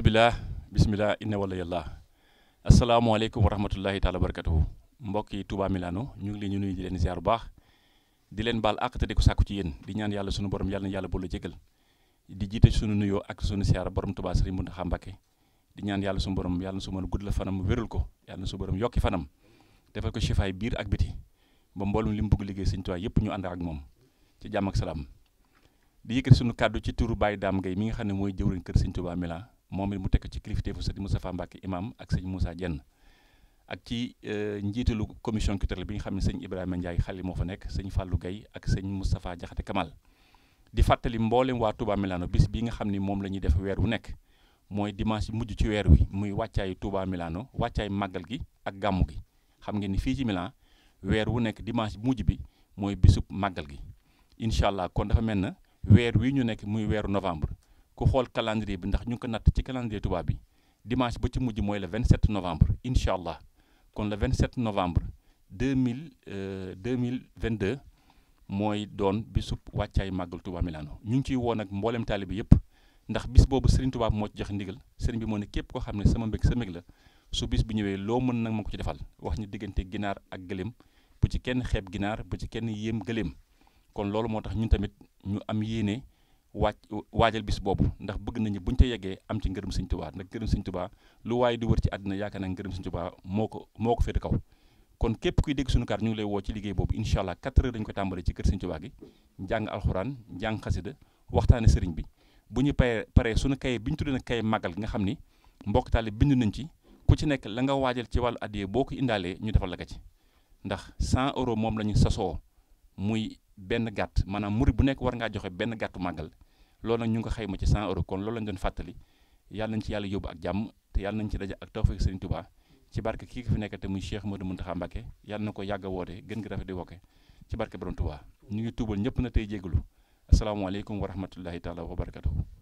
auzubillah bismillah inna wala yàlla asalaamaaleykum wa rahmatullahi taala wa barakatuhu mbokk yi Touba Milano ñu ngi leen ñu nuyu di leen ziar bu baax di leen baal àq te di ko sàkku ci yéen di ñaan yàlla sunu borom yàlla na yàlla boole jégal di jiite sunu nuyoo ak sunu ziar borom Touba Serigne Mountakha Mbacké di ñaan yàlla sunu borom yàlla na su mën gudd la fanam wérul ko yàlla na su borom yokki fanam defal ko shifaay biir ak biti ba mboolum li mu bëgg liggéey Serigne Touba yëpp ñu ànd ak moom ci ak salaam di yëkkati sunu kàddu ci turu Baye Dame Gueye mi nga xam ne mooy jëwriñ kër Serigne Touba moom it mu tekk ci kilifteefu sëñ Moustapha Mbacke imam ak sëñ Moussa Dieng ak ci euh, njiitalu commission culturelle bi nga xam ne sëñ Ibrahima Ndiaye xali moo fa nekk sëñ Fallou Guèye ak sëñ Moustapha Diakhaté Kamal di fàttali mboolem waa Touba Milano bis bi nga xam ne moom la ñuy def weer wu nekk mooy dimanche mujj ci weer wi muy wàccaayu Touba Milano wàccaay màggal gi ak gàmmu gi xam ngeen ni fii ci Milan weer wu nekk dimanche mujj bi mooy bisub màggal gi incha allah kon dafa mel na weer wi ñu nekk muy weeru novembre ku xool calendrier bi ndax ñu ngi ko natt ci calendrier tubaab bi dimanche ba ci mujj mooy le 27 novembre incha allah kon le 27 novembre 2000 2022 euh, mooy doon bisub wàccaay màggal Touba Milano ñu ngi ciy woon ak mboolem taalibe yëpp ndax bis boobu Serigne Touba moo ci jox ndigal Serigne bi moo ne képp koo xam ne sama mbég sa mbég la su bis bi ñëwee loo mën nag ma ko ci defal wax ñu diggante ginaar ak gëléem bu ci kenn xeeb ginaar bu ci kenn yéem gëléem kon loolu moo tax ñun tamit ñu am yéene waaj waajal bis boobu ndax bëgg nañu bu ñu te yeggee am ci ngërëm Sëñ Tuubaa ndax ngërëm Sëñ Tuubaa lu waaye di wër ci àddina yaakaar naa ngërëm Sëñ Tuubaa moo ko moo ko fete kaw kon képp kuy dégg sunu kaar ñu ngi lay woo ci liggéey boobu incha allah 4 heures dañu ko tàmbale ci kër Sëñ Tuubaa gi jàng alxuraan jàng xasida waxtaane sëriñ bi bu ñu paree paree sunu kaye bi ñu tuddee nag kaye màggal nga xam ni mbokk taale bind nañ ci ku ci nekk la nga waajal ci wàllu addiyee boo ko indaalee ñu defal la ko ci ndax 100 euros moom la ñu sasoo muy benn gàtt maanaam murid bu nekk war ngaa joxe benn gàttu màggal loolu nag ñu ngi ko ma ci 100 euros kon loolu lañ doon fàttali yàlla nañ ci yàlla yóbbu ak jàmm te yàlla nañ ci daje ak tawfeex Sëriñ Tuubaa ci barke kii ki fi nekk te muy Cheikh Modou Mountakha Mbacké yàlla na ko yàgg a woote gën gi rafet di wokke ci barke borom Tuubaa ñu ngi tuubal ñëpp na tey jégalu asalaamaaleykum wa rahmatullahi taala wa barakatuhu